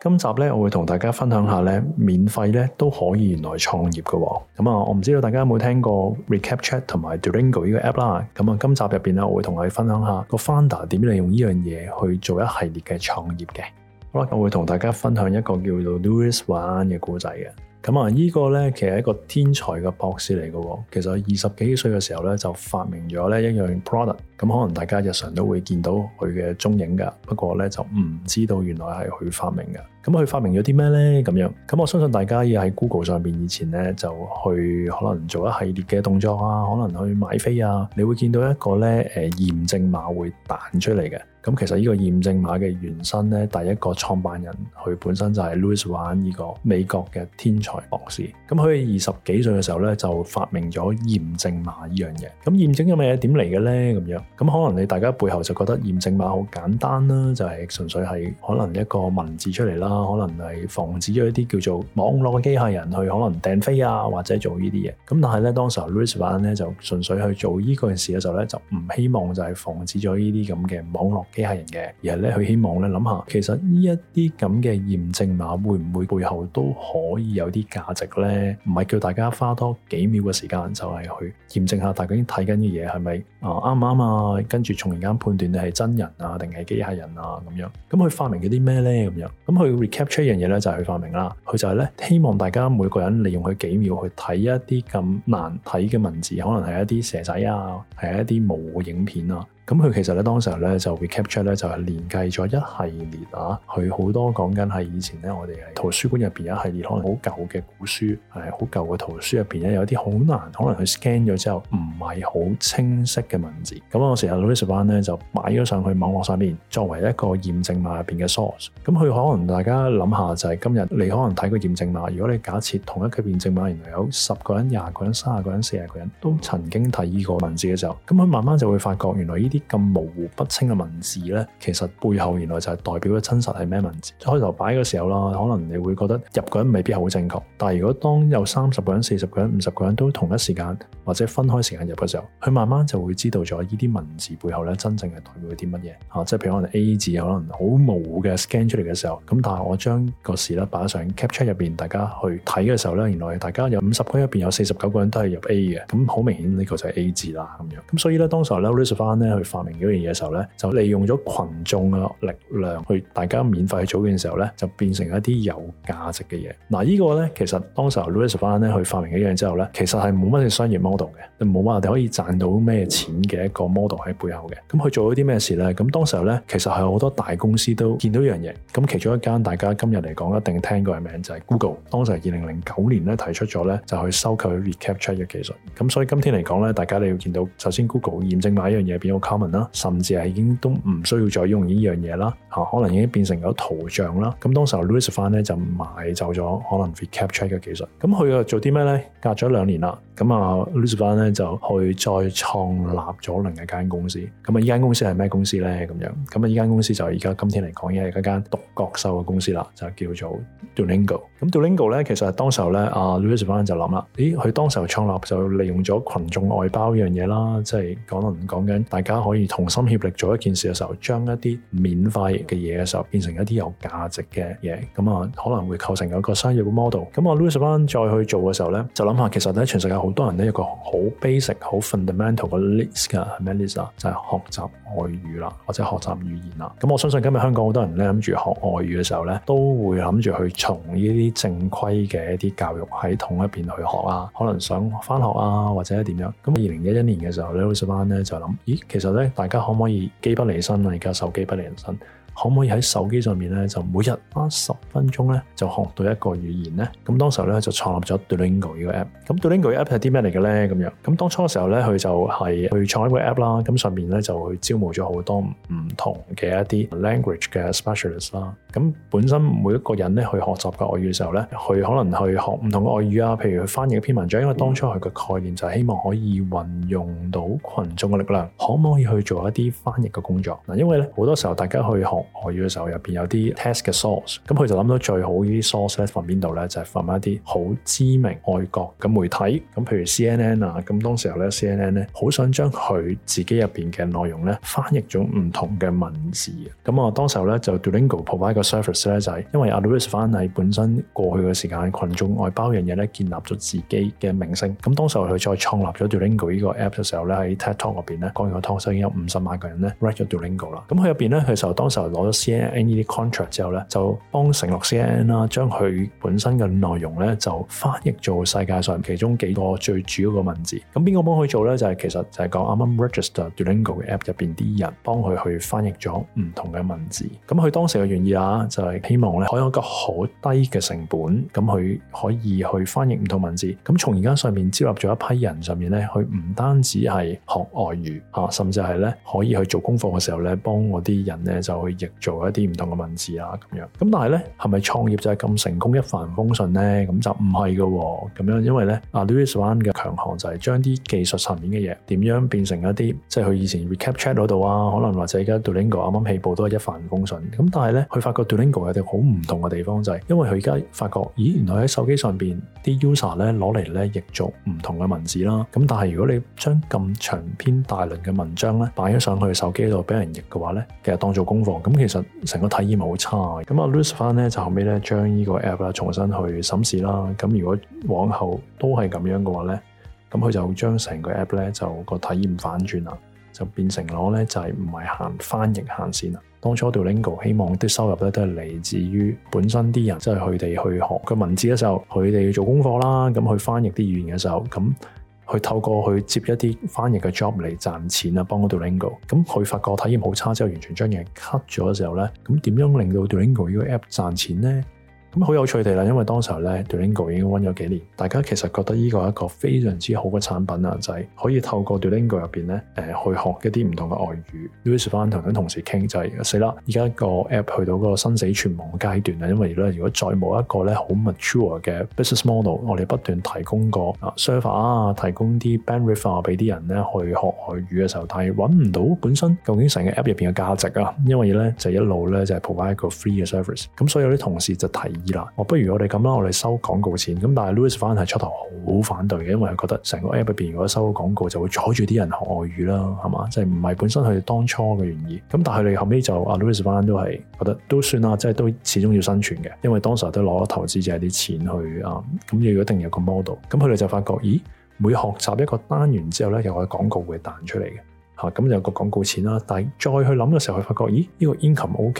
今集咧，我會同大家分享下咧，免費咧都可以原來創業喎。咁、嗯、啊，我唔知道大家有冇聽過 Recap Chat 同埋 Duolingo 呢個 app 啦。咁、嗯、啊，今集入邊咧，我會同你分享下個 Founder 點樣利用呢樣嘢去做一系列嘅創業嘅、嗯嗯。好啦，我會同大家分享一個叫做 Louis Wan 嘅故仔嘅。咁啊，呢個呢其實係一個天才嘅博士嚟㗎喎。其實佢二十幾歲嘅時候呢，就發明咗呢一樣 product，咁可能大家日常都會見到佢嘅蹤影㗎。不過呢，就唔知道原來係佢發明㗎。咁佢發明咗啲咩呢？咁樣咁我相信大家要喺 Google 上面以前呢，就去可能做一系列嘅動作啊，可能去買飛啊，你會見到一個呢誒驗證碼會彈出嚟嘅。咁其實呢個驗證碼嘅原生呢，第一個創辦人佢本身就係 Louis Wayne 呢個美國嘅天才博士。咁佢二十幾歲嘅時候呢，就發明咗驗證碼呢樣嘢。咁驗證有咩點嚟嘅呢？咁樣咁可能你大家背後就覺得驗證碼好簡單啦，就係、是、純粹係可能一個文字出嚟啦。啊，可能係防止咗一啲叫做網絡嘅機械人去可能掟飛啊，或者做這些東西呢啲嘢。咁但係咧，當時 Lewis 版咧就純粹去做呢個事嘅時候咧，就唔希望就係防止咗呢啲咁嘅網絡機械人嘅，而係咧佢希望咧諗下，其實呢一啲咁嘅驗證、啊，會唔會背後都可以有啲價值咧？唔係叫大家花多幾秒嘅時間就係去驗證一下大家睇緊嘅嘢係咪啊啱唔啱啊？跟住重而間判斷你係真人啊定係機械人啊咁樣。咁佢發明咗啲咩咧？咁樣咁佢。capture 一樣嘢咧，就係佢發明啦，佢就係咧希望大家每個人利用佢幾秒去睇一啲咁難睇嘅文字，可能係一啲蛇仔啊，係一啲模糊影片啊。咁佢其實咧，當時候咧就會 reCAPTCHA 咧就係、是、連計咗一系列啊，佢好多講緊係以前咧，我哋係圖書館入面一系列可能好舊嘅古書，好舊嘅圖書入面咧，有啲好難，可能佢 scan 咗之後唔係好清晰嘅文字。咁、嗯、我成日 Luis von Ahn 咧就買咗上去網絡上面作為一個驗證碼入面嘅 source。咁佢可能大家諗下就係、是、今日你可能睇個驗證碼，如果你假設同一個驗證碼原來有十個人、廿個人、三十個人、四十個人都曾經睇呢個文字嘅時候，咁佢慢慢就會發覺原來呢啲咁模糊不清嘅文字咧，其實背後原來就係代表嘅真實係咩文字。開頭擺嘅時候啦，可能你會覺得入個人未必係好正確。但係如果當有三十個人、四十個人、五十個人都同一時間或者分開時間入嘅時候，佢慢慢就會知道咗呢啲文字背後咧真正係代表啲乜嘢。啊，即係譬如我可能 A 字可能好模糊嘅 scan 出嚟嘅時候，咁但係我將個字咧擺上 capture 入面，大家去睇嘅時候咧，原來大家有五十個入邊有四十九個人都係入 A 嘅，咁好明顯呢個就係 A 字啦咁樣，咁所以咧當時候。o a i s 翻咧發明咗樣嘢嘅時候咧，就利用咗群眾嘅力量去大家免費去組建嘅時候咧，就變成一啲有價值嘅嘢。嗱、啊這個、呢個咧，其實當時候 Louis Van 咧去發明一樣之後咧，其實係冇乜嘅商業 model 嘅，冇乜我哋可以賺到咩錢嘅一個 model 喺背後嘅。咁佢做咗啲咩事咧？咁當時候咧，其實係好多大公司都見到一樣嘢。咁其中一間大家今日嚟講一定聽過嘅名字就係、是、Google。當時二零零九年咧提出咗咧，就去收購 Recap Check 嘅技術。咁所以今天嚟講咧，大家你要見到，首先 Google 驗證碼一樣嘢文啦，甚至係已經都唔需要再用呢樣嘢啦嚇，可能已經變成咗圖像啦。咁當時候 Luis van 咧就買走咗可能 reCAPTCHA 嘅技術。咁佢又做啲咩咧？隔咗兩年啦，咁啊 Luis van 咧就去再創立咗另一間公司。咁啊，依間公司係咩公司咧？咁樣咁啊，依間公司就而家今天嚟講已經係一間獨角獸嘅公司啦，就叫做 Duolingo。咁 Duolingo 咧，其實當時候咧啊 Luis van 就諗啦，咦？佢當時候創立就利用咗群眾外包呢樣嘢啦，即係講緊講緊大家。可以同心協力做一件事嘅時候，將一啲免費嘅嘢嘅時候變成一啲有價值嘅嘢，咁啊可能會構成有一個商業嘅 model。咁啊，Louis Van 再去做嘅時候咧，就諗下其實咧全世界好多人咧有個好 basic 很的的、好 fundamental 嘅 list 㗎，係咩 list 啊？就係、是、學習外語啦，或者學習語言啦。咁我相信今日香港好多人咧諗住學外語嘅時候咧，都會諗住去從呢啲正規嘅一啲教育喺同一邊去學啊，可能想返學啊，或者點樣。咁二零一一年嘅時候、oh.，Louis Van 咧就諗，咦，其實。大家可唔可以機不離身啊？而家手機不離身。可唔可以喺手機上面咧，就每日花十分鐘咧，就學到一個語言咧？咁當時候咧就創立咗 Duolingo 呢個 app。咁 Duolingo app 係啲咩嚟嘅咧？咁樣咁當初嘅時候咧，佢就係去創一個 app 啦。咁上面咧就去招募咗好多唔同嘅一啲 language 嘅 specialist 啦。咁本身每一個人咧去學習個外語嘅時候咧，佢可能去學唔同嘅外語啊，譬如去翻譯一篇文章。因為當初佢嘅概念就係希望可以運用到群眾嘅力量，可唔可以去做一啲翻譯嘅工作嗱？因為咧好多時候大家去學外語嘅時候，入邊有啲 test 嘅 source，咁佢就諗到最好啲 source 咧放邊度咧，就係、是、放一啲好知名外國嘅媒體，咁譬如 CNN 啊，咁當時候咧 CNN 咧好想將佢自己入邊嘅內容咧翻譯咗唔同嘅文字，咁啊當時候咧就 Duolingo provide 個 service 咧，就、就是、因為 a l r i a 翻喺本身過去嘅時間，群眾外包樣嘢咧建立咗自己嘅明星，咁當時候佢再創立咗 Duolingo 呢個 app 嘅時候咧，喺 TED Talk 入邊咧講完個 talk 已經有五十萬個人咧 write 咗 Duolingo 啦，咁佢入邊咧佢時候當時候。攞咗 C N N 呢啲 contract 之後咧，就幫承諾 C N N 啦，將佢本身嘅內容咧就翻譯做世界上其中幾個最主要嘅文字。咁邊個幫佢做咧？就係、是、其實就係講啱啱 Register Duolingo 嘅 app 入邊啲人幫佢去翻譯咗唔同嘅文字。咁佢當時嘅原意啊，就係希望咧可以有一個好低嘅成本，咁佢可以去翻譯唔同文字。咁從而家上面招納咗一批人上面咧，佢唔單止係學外語啊，甚至係咧可以去做功課嘅時候咧，幫嗰啲人咧就去。做一啲唔同嘅文字啊，咁樣，咁但係咧，係咪創業就係咁成功一帆風順咧？咁就唔係噶，咁樣，因為咧，啊，Louis Van 嘅強項就係將啲技術層面嘅嘢點樣變成一啲，即係佢以前 reCAPTCHA 嗰度啊，可能或者而家 Duolingo 啱啱起步都係一帆風順，咁但係咧，佢發覺 Duolingo 有啲好唔同嘅地方，就是，就係因為佢而家發覺，咦，原來喺手機上邊啲 user 咧攞嚟咧譯做唔同嘅文字啦，咁但係如果你將咁長篇大論嘅文章咧擺咗上去手機度俾人譯嘅話咧，其實當做功課咁。咁其實成個體驗好差。咁啊 lose 翻咧就後尾咧將呢個 app 啦重新去審視啦，咁如果往後都係咁樣嘅話咧，咁佢就將成個 app 咧就個體驗反轉啦，就變成攞咧就係唔係行翻譯行先啦。當初 Duolingo 希望啲收入咧都係嚟自於本身啲人即係佢哋去學個文字嘅時候，佢哋做功課啦，咁去翻譯啲語言嘅時候咁。去透過去接一啲翻譯嘅 job 嚟賺錢啊，幫 Duolingo。咁佢發覺體驗好差之後，完全將人 cut 咗嘅時候咧，咁點樣令到 Duolingo 呢個 app 賺錢呢？咁好有趣地啦，因為當時候咧，Duolingo 已經温咗幾年，大家其實覺得呢個係一個非常之好嘅產品啊，就係可以透過 Duolingo 入邊咧、呃，去學一啲唔同嘅外語。Lewis 翻同啲同事傾，就係死啦，而家個 app 去到個生死存亡嘅階段啦，因為咧，如果再冇一個咧好 mature 嘅 business model，我哋不斷提供個 service 啊，提供啲 benefit 俾啲人咧去學外語嘅時候，但係揾唔到本身究竟成個 app 入邊嘅價值啊，因為咧就一路咧就係 provide 一個 free 嘅 service。咁所以有啲同事就提。我、啊、不如我哋咁啦，我哋收廣告錢。咁但係 Louis Van 係出頭好反對嘅，因為佢覺得成個 app 入面如果收到廣告就會阻住啲人學外語啦，係嘛？即係唔係本身佢當初嘅原意。咁但係佢哋後尾就、啊、Louis Van 都係覺得都算啦，即係都始終要生存嘅，因為當時都攞咗投資者啲錢去啊，咁、嗯、要一定有一個 model。咁佢哋就發覺，咦？每學習一個單元之後咧，有個廣告會彈出嚟嘅。嚇、嗯、咁有個廣告錢啦，但係再去諗嘅時候，佢發覺，咦呢、呢個 income O、okay,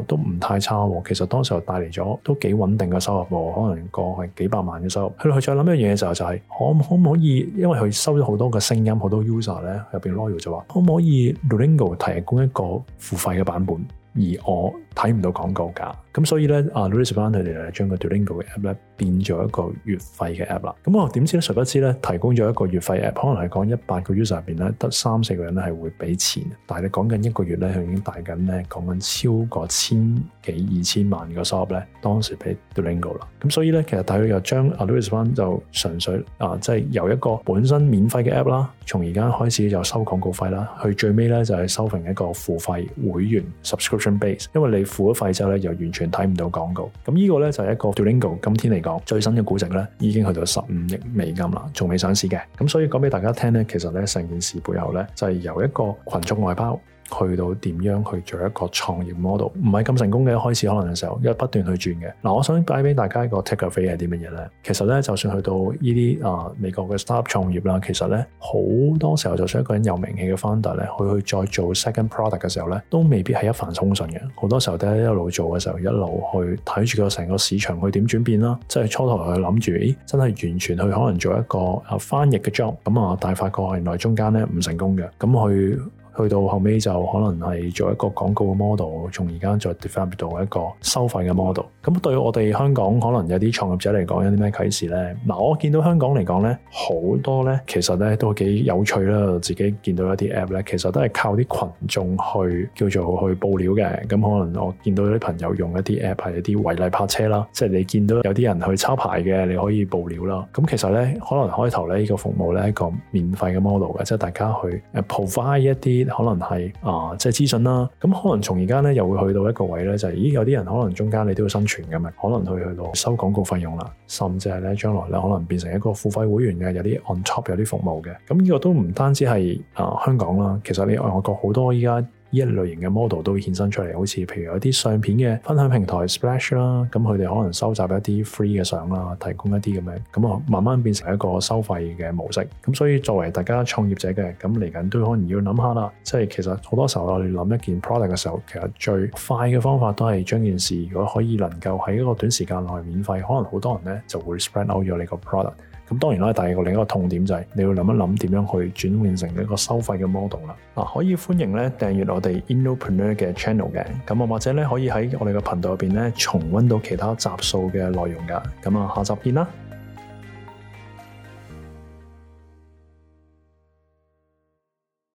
K，都唔太差。其實當時帶嚟咗都幾穩定嘅收入，可能過去幾百萬嘅收入。佢佢再諗一樣嘢嘅時候，就係可唔可唔可以，因為佢收咗好多嘅聲音，好多 user 咧入面 loyal 就話，可唔可以 Duolingo 提供一個付費嘅版本，而我睇唔到廣告價？」咁所以咧，阿 Louis 翻佢哋咧將個 Duolingo 嘅 app 咧變咗一個月費嘅 app 啦。咁我點知咧？誰不知咧？提供咗一個月費 app，可能係講一百個 user 入邊咧，得三四個人咧係會俾錢，但係你講緊一個月咧，佢已經大緊咧講緊超過千幾二千萬個 sub 咧，當時俾 Duolingo 啦。咁所以咧，其實大約又將阿 Louis 翻就純粹啊，即係由一個本身免費嘅 app 啦，從而家開始就收廣告費啦。去最尾咧就係收成一個付費會員 subscription base，因為你付咗費之後咧，又完全。睇唔到廣告，咁呢個咧就係一個 Duolingo。今天嚟講最新嘅估值咧，已經去到十五億美金啦，仲未上市嘅。咁所以講俾大家聽咧，其實咧成件事背後咧就係由一個群眾外包。去到點樣去做一個創業 model？唔係咁成功嘅，開始可能嘅時候，因為不斷去轉嘅嗱、啊。我想帶俾大家一個 takeaway 係啲乜嘢咧？其實咧，就算去到呢啲啊美國嘅 startup 創業啦，其實咧好多時候，就算一個人有名氣嘅 founder 咧，去去再做 second product 嘅時候咧，都未必係一帆風順嘅。好多時候都一路做嘅時候，一路去睇住個成個市場去點轉變啦。即係初頭去諗住，咦，真係完全去可能做一個啊翻譯嘅 job 咁啊，但係發覺原來中間咧唔成功嘅，咁去。去到後尾就可能係做一個廣告嘅 model，從而家再 develop 到一個收費嘅 model。咁對我哋香港可能有啲創業者嚟講，有啲咩啟示呢？嗱、啊，我見到香港嚟講呢，好多呢其實呢都幾有趣啦。自己見到一啲 app 呢，其實都係靠啲群眾去叫做去報料嘅。咁可能我見到有啲朋友用一啲 app 係一啲違例泊車啦，即係你見到有啲人去抄牌嘅，你可以報料啦。咁其實呢，可能開頭呢呢、這個服務呢一個免費嘅 model 嘅，即係大家去 provide 一啲。可能係啊，即、呃、係、就是、資訊啦，咁可能從而家咧又會去到一個位咧，就係、是、咦，有啲人可能中間你都要生存㗎嘛，可能去去到收廣告費用啦，甚至係咧將來咧可能變成一個付費會員嘅，有啲 on top 有啲服務嘅，咁呢個都唔單止係啊、呃、香港啦，其實你外國好多依家。一類型嘅 model 都衍生出嚟，好似譬如有啲相片嘅分享平台 Splash 啦，咁佢哋可能收集一啲 free 嘅相啦，提供一啲咁樣，咁啊，慢慢變成一個收費嘅模式。咁所以作為大家創業者嘅，咁嚟緊都可能要諗下啦。即係其實好多時候我哋諗一件 product 嘅時候，其實最快嘅方法都係將件事如果可以能夠喺一個短時間內免費，可能好多人咧就會 spread out 咗你個 product。咁當然啦，第二個另一個痛點就係你要諗一諗點樣去轉換成一個收費嘅 model 啦。可以歡迎呢訂閱我哋 Innopreneur 嘅 channel 嘅，咁或者呢，可以喺我哋嘅頻道入面呢，重温到其他集數嘅內容噶。咁啊，下集見啦。